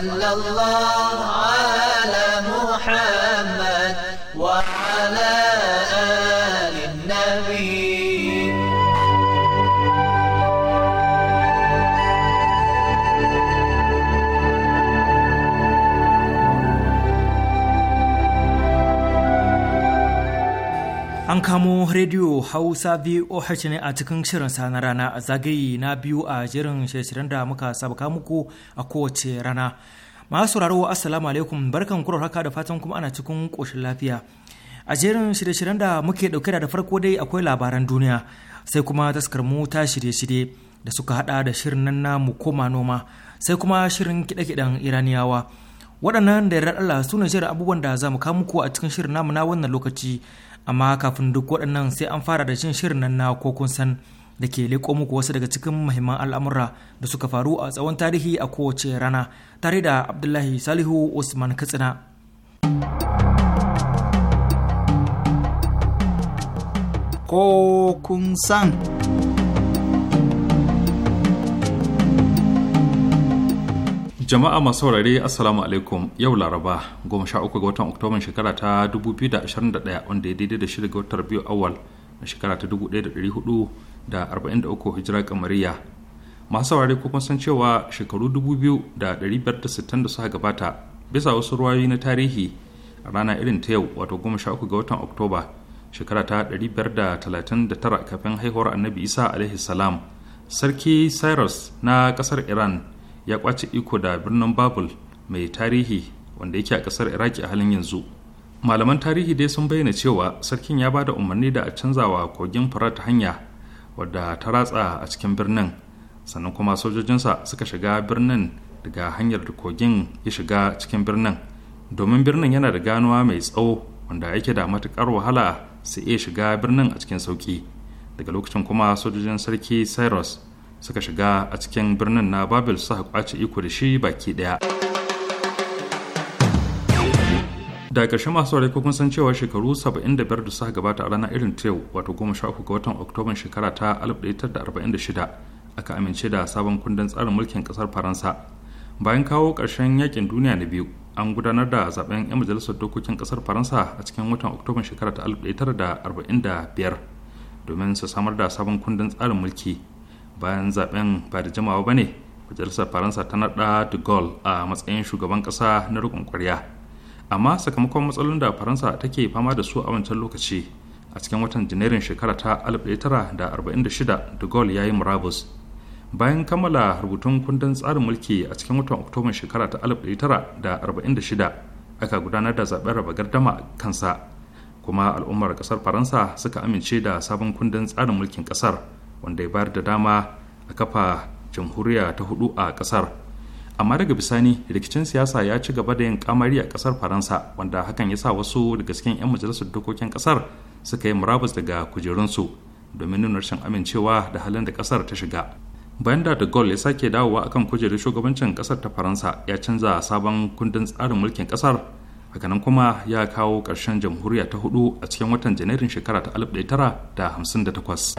صلى الله على محمد وعلى An kamo rediyo Hausa VOH ne a cikin shirin sana rana a zagaye na biyu a jirin shirin da muka sabaka muku a kowace rana. Masu sauraro Assalamu alaikum barkan kuro haka da fatan kuma ana cikin ƙoshin lafiya. A jerin shirye-shiryen da muke ɗauke da farko dai akwai labaran duniya sai kuma taskar mu ta shirye-shirye da suka hada da shirin nan na mu koma noma sai kuma shirin kiɗe-kiɗen Iraniyawa. Waɗannan da yarda Allah su ne shirin abubuwan da za mu kawo muku a cikin shirin namu na wannan lokaci amma kafin duk waɗannan sai an fara da shin shirin nan na ko kun san da ke leƙo muku wasu daga cikin muhimman al'amura da suka faru a tsawon tarihi a kowace rana tare da abdullahi salihu usman katsina ko kun san jama'a masu saurare assalamu alaikum yau laraba goma sha uku ga watan oktoban shekara ta 2021 wanda ya daidai da shirin ga watan biyu awal na shekara ta 1443 hijira kamariya masu saurare ko kun san cewa shekaru 2560 da suka gabata bisa wasu ruwayoyi na tarihi a rana irin ta yau wato goma sha uku ga watan oktoba shekara ta 539 kafin haihuwar annabi isa alaihi salam sarki cyrus na kasar iran ya kwace iko da birnin babul mai tarihi wanda yake a kasar iraki a halin yanzu malaman tarihi dai sun bayyana cewa sarkin ya ba da umarni da a canzawa kogin farat hanya wadda ta ratsa a cikin birnin sannan kuma sojojinsa suka shiga birnin daga hanyar da kogin ya shiga cikin birnin domin birnin yana da ganuwa mai tsawo wanda yake da matukar wahala su iya shiga birnin a cikin sauƙi daga lokacin kuma sojojin sarki cyrus suka shiga a cikin birnin na babil suka kwace iko da shi baki daya da ƙarshe masu saurari kun san cewa shekaru 75 da suka gabata a ranar irin ta yau wato 13 ga watan oktoban shekara ta 1946 aka amince da sabon kundin tsarin mulkin ƙasar faransa bayan kawo ƙarshen yakin duniya na biyu an gudanar da zaben 'yan majalisar dokokin ƙasar faransa a cikin watan oktoban shekara ta 1945 domin su samar da sabon kundin tsarin mulki bayan zaben ba da jimawa ba ne majalisar faransa ta naɗa de gaulle a matsayin shugaban ƙasa na riƙon ƙwarya amma sakamakon matsalolin da faransa take fama da su a wancan lokaci a cikin watan janairun shekara ta 1946 de gaulle ya yi murabus bayan kammala rubutun kundin tsarin mulki a cikin watan oktoban shekara ta 1946 aka gudanar da zaben raba gardama kansa kuma al'ummar ƙasar faransa suka amince da sabon kundin tsarin mulkin ƙasar. wanda ya bayar da dama a kafa jamhuriya ta hudu a kasar amma daga bisani rikicin siyasa ya ci gaba da yin kamari a kasar faransa wanda hakan ya sa wasu daga cikin 'yan majalisar dokokin kasar suka yi murabus daga kujerunsu domin nuna rashin amincewa da halin da kasar ta shiga bayan da de gaulle ya sake dawowa akan kujerar shugabancin kasar ta faransa ya canza sabon kundin tsarin mulkin kasar hakanan kuma ya kawo ƙarshen jamhuriya ta hudu a cikin watan janairun shekara ta 1958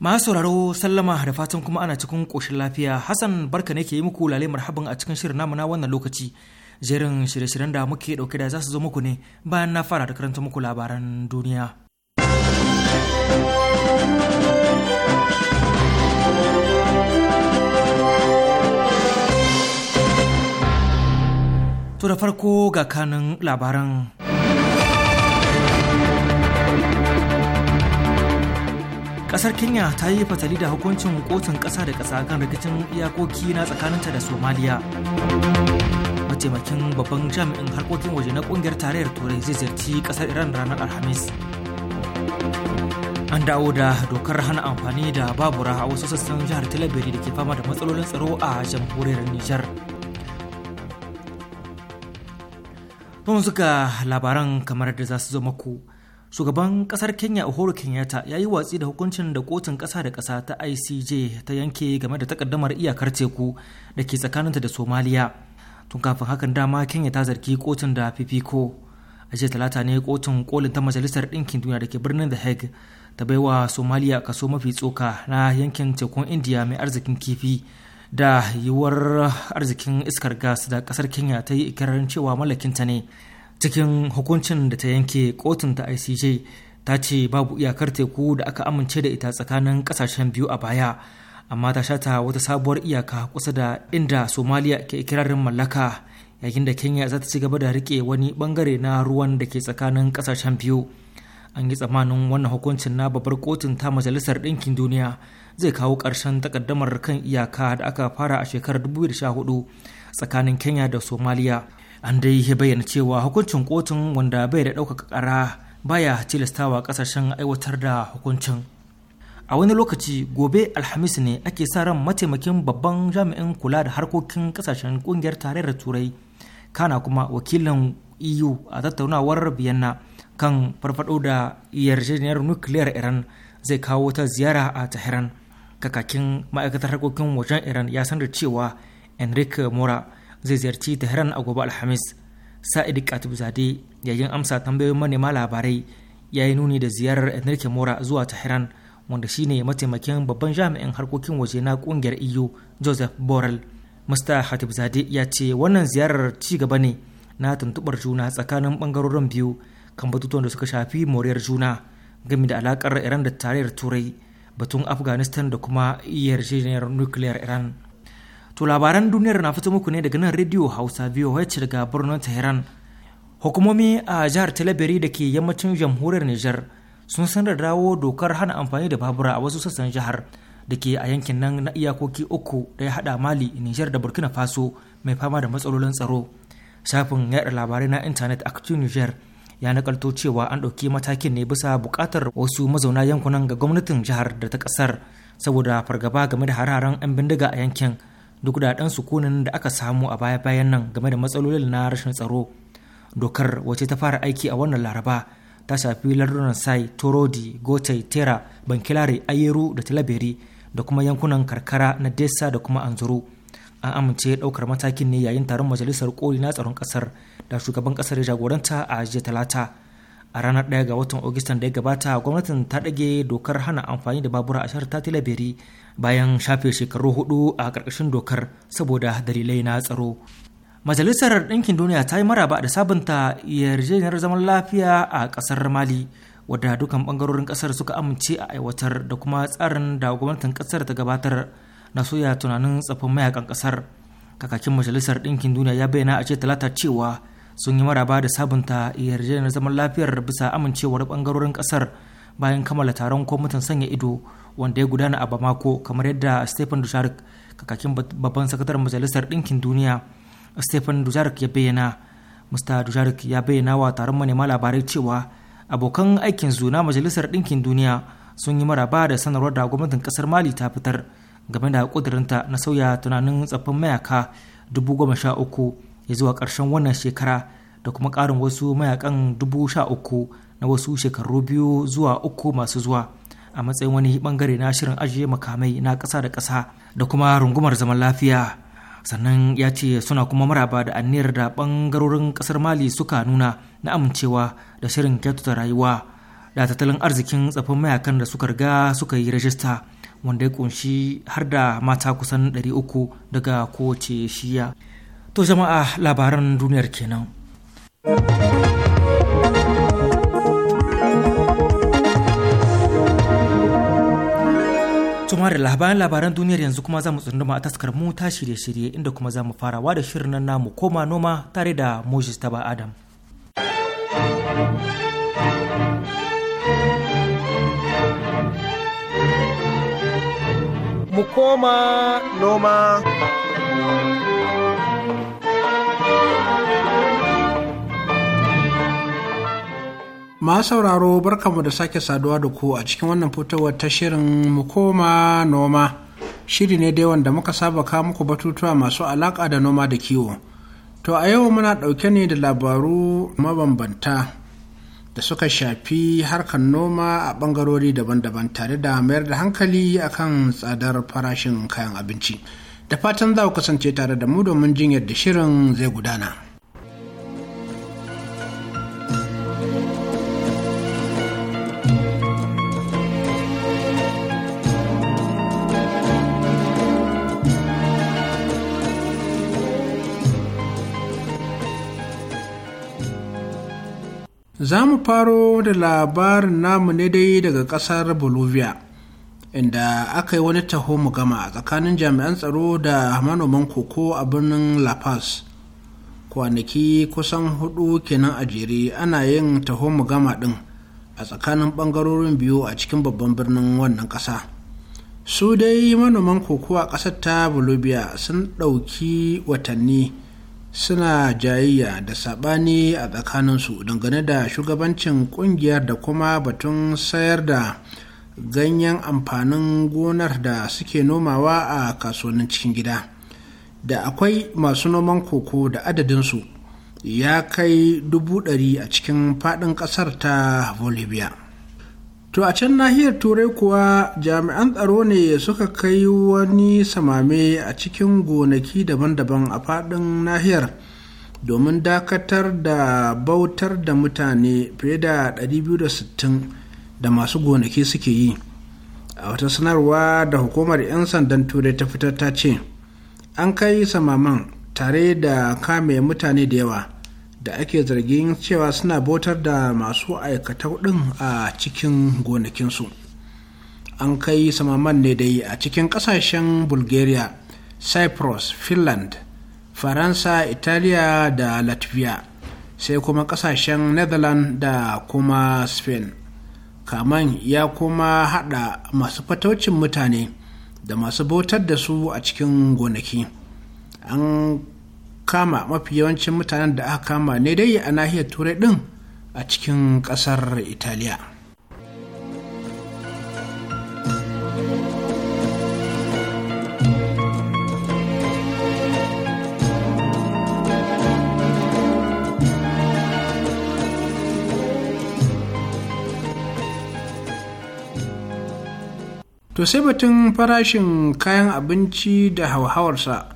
Masu sauraro sallama da fatan kuma ana cikin koshin lafiya Hassan barka ne ke yi muku lale marhaban a cikin shirin namu na wannan lokaci. Jerin shirye-shiryen da muke dauke da za su zo muku ne bayan na fara da karanta muku labaran duniya. To da farko ga kanin labaran kasar kenya ta yi fatali da hukuncin kotun ƙasa da kasa kan rikicin iyakoki na tsakaninta da somaliya mataimakin babban jami'in harkokin waje na kungiyar tarayyar turai zai ziyarci kasar iran ranar alhamis an dawo da dokar hana amfani da babura a wasu sassan jihar talabiri da ke fama da matsalolin tsaro a jamhuriyar nijar tun suka labaran kamar da za su zo maku shugaban kasar kenya uhuru kenyatta ya yi watsi da hukuncin da kotun kasa da kasa ta icj ta yanke game da takaddamar iyakar teku da ke tsakaninta da somaliya tun kafin hakan dama kenya ta zargi kotun da fifiko a jiya talata ne kotun kolin ta majalisar ɗinkin duniya da ke birnin the hague ta baiwa somaliya kaso mafi tsoka na yankin tekun indiya mai arzikin kifi da yiwuwar arzikin iskar gas da kasar kenya ta yi ikirarin cewa mallakinta ne cikin hukuncin da ta yanke kotun ta icj ta ce babu iyakar teku da aka amince da ita tsakanin kasashen biyu a baya amma ta shata wata sabuwar iyaka kusa da inda Somalia ke ikirarin mallaka yayin da kenya za ta ci gaba da rike wani bangare na ruwan da ke tsakanin kasashen biyu an yi tsammanin wannan hukuncin na babbar kotun ta majalisar ɗinkin duniya zai kawo ƙarshen takaddamar kan iyaka da aka fara a shekarar 2014 tsakanin kenya da Somalia. an dai ya bayyana cewa hukuncin kotun wanda bai da ɗaukaka ƙara baya tilastawa ƙasashen aiwatar da hukuncin a wani lokaci gobe alhamis ne ake sa ran mataimakin babban jami'in kula da harkokin ƙasashen ƙungiyar tarayyar turai kana kuma wakilin eu a tattaunawar biyanna kan farfado da yarjejeniyar nukiliyar iran zai kawo ta ziyara a tahiran kakakin ma'aikatar harkokin wajen iran ya sanar cewa enrique mora zai ziyarci tehran a gobe alhamis sa'id katib zade yayin amsa tambayoyin manema labarai ya yi nuni da ziyarar enrique mora zuwa tehran wanda shine mataimakin babban jami'in harkokin waje na kungiyar iyo e joseph borrell mr hatib zade ya ce wannan ziyarar ci gaba ne na tuntubar juna tsakanin bangarorin biyu kan batutuwan da suka shafi moriyar juna game da alakar iran da tarayyar turai batun afghanistan da kuma yarjejeniyar nukiliyar iran To labaran duniyar na fito muku ne daga nan Radio Hausa VOH daga birnin Tehran. Hukumomi a jihar Talabiri da ke yammacin jamhuriyar Nijar sun sanar da dawo dokar hana amfani da babura a wasu sassan jihar da ke a yankin nan na iyakoki uku da ya hada Mali, Nijar da Burkina Faso mai fama da matsalolin tsaro. Shafin yaɗa labarai na intanet a kacin Niger ya nakalto cewa an ɗauki matakin ne bisa buƙatar wasu mazauna yankunan ga gwamnatin jihar da ta ƙasar saboda fargaba game da hararen 'yan bindiga a yankin. duk da ɗan sukunin da aka samu a baya-bayan nan game da matsalolin na rashin tsaro dokar wace ta fara aiki a wannan laraba ta shafi lardunan sai torodi gotai tera bankilare ayeru da talaberi da kuma yankunan karkara na desa da kuma anzuru an amince ɗaukar matakin ne yayin taron majalisar koli na tsaron ƙasar da shugaban ƙasar ya jagoranta a jiya talata a ranar 1 ga watan Agustan da ya gabata gwamnatin ta ɗage dokar hana amfani da babura a shahar ta tilaberi bayan shafe shekaru hudu a ƙarƙashin dokar saboda dalilai na tsaro majalisar ɗinkin duniya ta yi maraba da sabunta yarjejeniyar zaman lafiya a ƙasar mali wadda dukan ɓangarorin ƙasar suka amince a aiwatar da kuma tsarin da gwamnatin ƙasar ta gabatar na soya tunanin tsafin mayakan ƙasar kakakin majalisar ɗinkin duniya ya bayyana a ce talata cewa sun yi maraba da sabunta yarjejeniyar zaman lafiyar bisa amincewar ɓangarorin ƙasar bayan kammala taron kwamitin sanya ido wanda ya gudana a bamako kamar yadda stephen dujarric kakakin babban sakataren majalisar ɗinkin duniya stephen dujarric ya bayyana mr dujarric ya bayyana wa taron manema labarai cewa abokan aikin zuna majalisar ɗinkin duniya sun yi maraba da sanarwar da gwamnatin kasar mali ta fitar game da kudurinta na sauya tunanin tsaffin mayaka dubu goma sha uku ya zuwa karshen wannan shekara da kuma karin wasu mayakan dubu sha uku na wasu shekaru biyu zuwa uku masu zuwa a matsayin wani bangare na shirin ajiye makamai na ƙasa da ƙasa da kuma rungumar zaman lafiya sannan ya ce suna kuma maraba da anniyar da bangarorin ƙasar mali suka nuna na amincewa da shirin kyautata rayuwa da tattalin arzikin tsafin mayakan da suka riga suka yi rajista wanda ya kunshi har da mata kusan 300 daga kowace shiya to jama'a labaran duniyar kenan. tuma da labaran labaran duniyar yanzu kuma za mu tsunduma a taskar mu ta shirye-shirye inda kuma za mu farawa da shirin nan namu koma noma tare da Moses Taba Adam. Mu koma noma. Ma sauraro barkamu da sake saduwa da ku a cikin wannan fitowar ta shirin mu koma noma. Shiri ne dai wanda muka saba kawo muku batutuwa masu alaƙa da noma da kiwo. To a yau muna ɗauke ne da labaru mabambanta da suka shafi harkar noma a ɓangarori daban-daban tare da mayar da hankali akan tsadar farashin kayan abinci. Da fatan za ku kasance tare da mu domin jin yadda shirin zai gudana. za mu faro da labarin namu ne dai daga ƙasar bolivia inda aka yi wani taho gama a tsakanin jami'an tsaro da manoman koko a birnin la paz kwanaki kusan hudu kenan a jere ana yin taho gama din a tsakanin bangarorin biyu a cikin babban birnin wannan ƙasa su dai manoman koko a ƙasar ta bolivia sun ɗauki watanni suna jayayya da saɓani a tsakaninsu dangane da shugabancin ƙungiyar da kuma batun sayar da ganyen amfanin gonar da suke nomawa a kasuwannin cikin gida da akwai masu noman koko da adadinsu ya kai dubu ɗari a cikin faɗin ƙasar ta bolivia To a can nahiyar Turai kuwa jami'an tsaro ne suka kai wani samame a cikin gonaki daban-daban a faɗin nahiyar domin dakatar da bautar da mutane fiye da 260 da masu gonaki suke yi. A wata sanarwa da hukumar 'yan sandan Turai ta fitar ta ce, an kai samaman tare da kame mutane da yawa. da ake zargin cewa suna botar da masu aikatau ɗin a cikin gonakinsu an kai samaman ne dai a cikin ƙasashen bulgaria cyprus finland faransa italiya da latvia sai kuma ƙasashen netherlands da kuma spain kaman ya kuma hada masu fataucin mutane da masu botar da su a cikin gonaki an kama mafi yawancin mutanen da aka kama ne dai a nahiyar turai din a cikin kasar italiya To sai batun farashin kayan abinci da hauhawarsa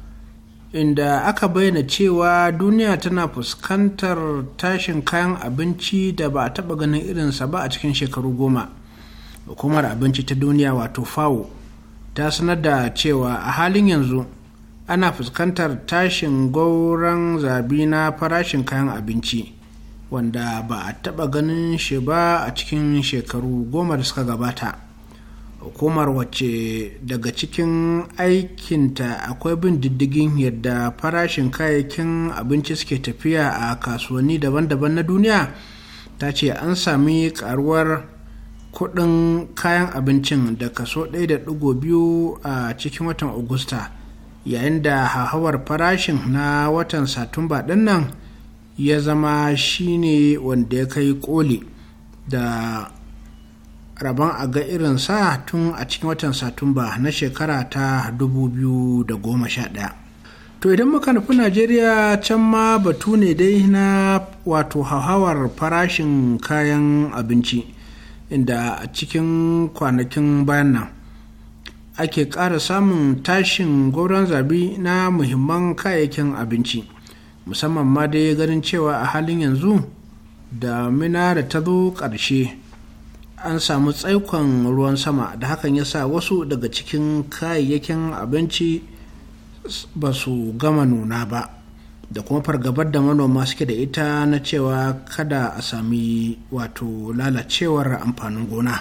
inda aka bayyana cewa duniya tana fuskantar tashin kayan abinci da ba a taɓa ganin irinsa ba a cikin shekaru goma hukumar abinci ta duniya wato fawo ta sanar da cewa a halin yanzu ana fuskantar tashin gauran zabi na farashin kayan abinci wanda ba a taɓa ganin shi ba a cikin shekaru goma da suka gabata hukumar wacce daga cikin aikinta akwai bin diddigin yadda farashin kayayyakin abinci suke tafiya a kasuwanni daban-daban na duniya ta ce an sami karuwar kudin kayan abincin da kaso 1.2 a cikin watan agusta yayin da hahawar farashin na watan satumba dinnan ya zama shine wanda ya kai koli da rabon a ga irin sa tun a cikin watan satumba na shekara ta 2011 to idan muka nufi najeriya can ma batu ne dai na wato hauhawar farashin kayan abinci inda a cikin kwanakin bayan nan ake ƙara samun tashin gauran zabi na muhimman kayayyakin abinci musamman ma dai ganin cewa a halin yanzu da mina da ta zo ƙarshe an samu tsaikon ruwan sama da hakan ya sa wasu daga cikin kayayyakin abinci ba su gama nuna ba da kuma fargabar da manoma suke da ita na cewa kada a sami wato lalacewar amfanin gona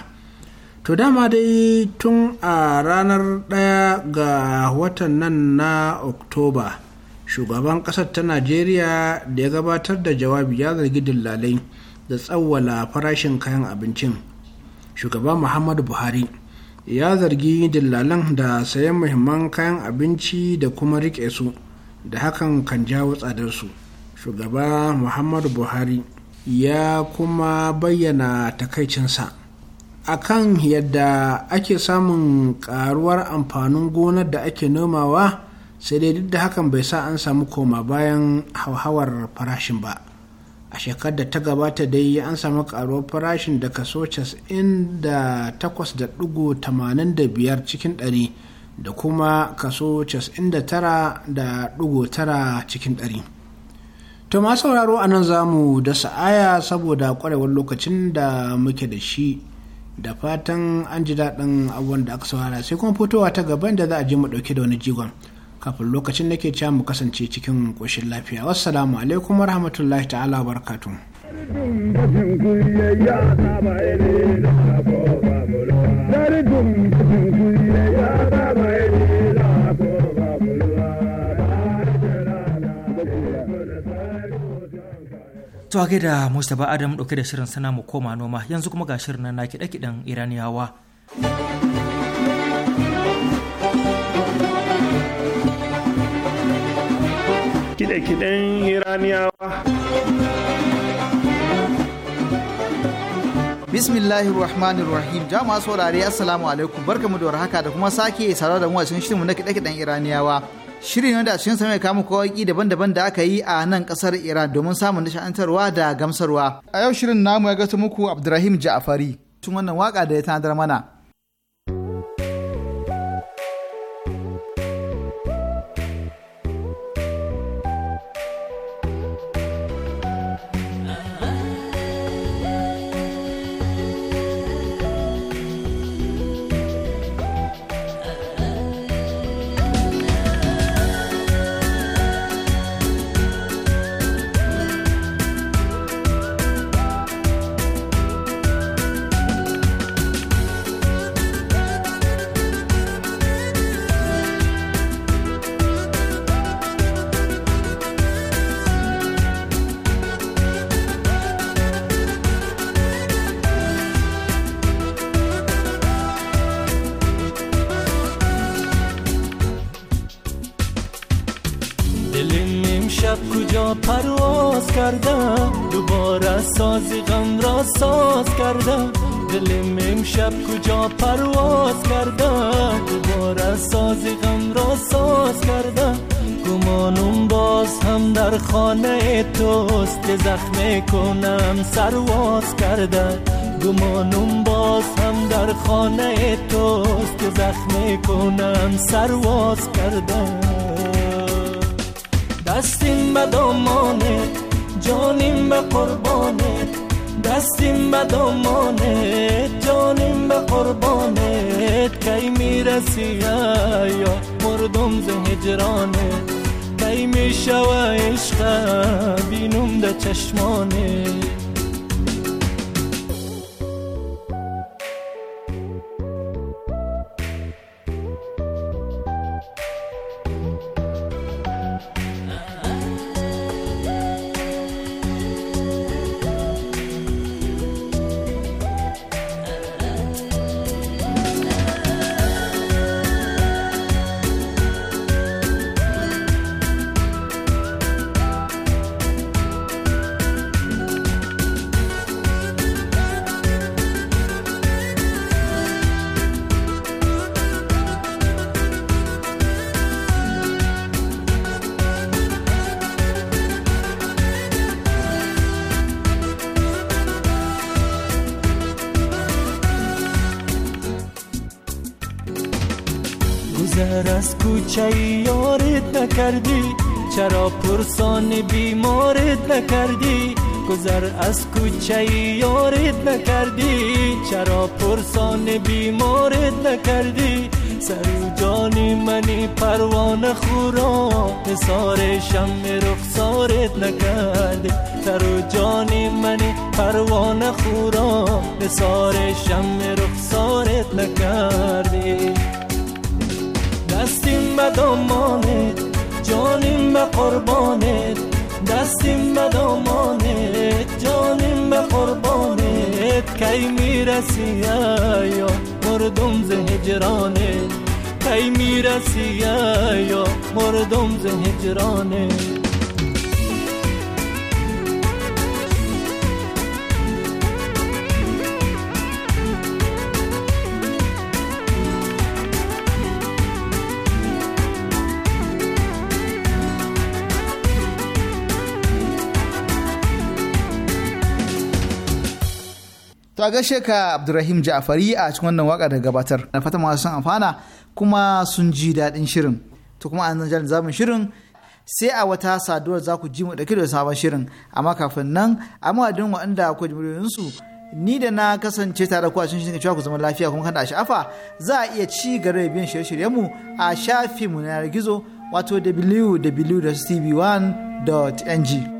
to dama dai tun a ranar ɗaya ga watan nan na oktoba shugaban kasar ta najeriya da ya gabatar da jawabi ya zargi dillalai da tsawwala farashin kayan abincin shugaba muhammadu buhari ya zargi dillalan da sayan muhimman kayan abinci da kuma rike su da hakan kan jawo tsadarsu shugaba muhammadu buhari ya kuma bayyana takaicinsa a kan yadda ake samun karuwar amfanin gonar da ake nomawa sai dai duk da hakan bai sa an samu koma bayan hauhawar farashin ba a shekarar da ta gabata dai an samu karuwar farashin da kaso 98.85 cikin 100 da kuma kaso 99.9 cikin 100 to ma sauraro a nan mu da sa'aya saboda kwarewar lokacin da muke da shi da fatan an ji daɗin abubuwan da aka saurara sai kuma fitowa ta gaban da za a je mu ɗauke da wani jigon kafin lokacin nake cewa mu kasance cikin ƙoshin lafiya wassalamu alaikum warahmatullahi ta'ala barkatu To da Mustapha Adam ɗauke da shirin sana mu koma noma yanzu kuma ga shirin na kiɗe-kiɗen Iraniyawa. kide-kiden iraniyawa bismillahir rahmanir rahim jama'a saurare assalamu alaikum barkamu da warhaka da kuma sake sarar da mu a cikin shirinmu na kide-kiden iraniyawa shirin wanda cikin sa mai kamu kawaki daban-daban da aka yi a nan kasar iran domin samun nishantarwa da gamsarwa a yau shirin namu ya gasa muku abdurrahim ja'afari tun wannan waka da ya tanadar mana زخم کنم سرواز کرده گمانم باز هم در خانه توست که زخم کنم سرواز کرده دستیم به دامانه جانیم به قربانه دستیم به دامانه جانیم به قربانه کی میرسی یا مردم زهجرانه می میشوه عشقه بینم ده چشمانه از کوچه یارت نکردی چرا پرسان بیمارت نکردی گذر از کوچه یارت نکردی چرا پرسان بیمارت نکردی سر جان منی پروانه خورا نثار شم رخسارت نکردی سر جان منی پروانه خورا نثار شم رخسارت نکردی دستیم به دامانت جانیم به قربانت دستیم به دامانت جانیم به قربانت کی میرسی یا مردم ز هجرانت کی میرسی یا مردم ز هجرانت a ga ka Abdulrahim Ja'fari a cikin wannan waka da gabatar. Na fata masu sun amfana kuma sun ji daɗin shirin. To kuma an zan zamun shirin sai a wata saduwar za ku ji mu da da sabon shirin amma kafin nan a madadin waɗanda ku ji su ni da na kasance tare ku a cikin shirin cewa ku zama lafiya kuma kada a sha'afa za a iya ci gaba da biyan shirye-shiryenmu a shafinmu na gizo wato www.tv1.ng.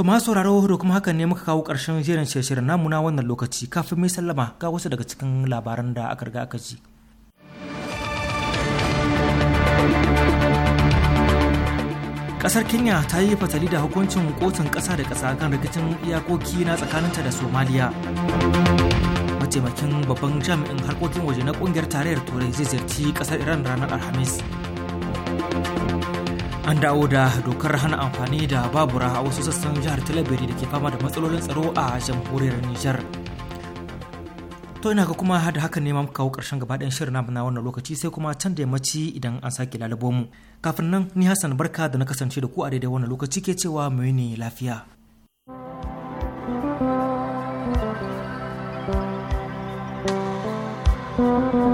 To ma sauraro da kuma hakan ne muka kawo ƙarshen jerin shirin namu na wannan lokaci kafin mai sallama ga wasu daga cikin labaran da aka riga aka ji. Ƙasar Kenya ta yi fatali da hukuncin kotun ƙasa da ƙasa kan rikicin iyakoki na tsakaninta da Somaliya. Mataimakin babban jami'in harkokin waje na ƙungiyar tarayyar Turai zai ziyarci ƙasar Iran ranar Alhamis. an dawo da dokar hana amfani da babura a wasu sassan jihar talabiri da ke fama da matsalolin tsaro a jamhuriyar nijar to ina ga kuma da haka ne muka kawo karshen gabaɗayan shirin namu na wannan lokaci sai kuma can da yammaci idan an sake lalabo mu kafin nan ni hassan barka da na kasance da ku a daidai wannan lokaci ke cewa mu ne lafiya thank you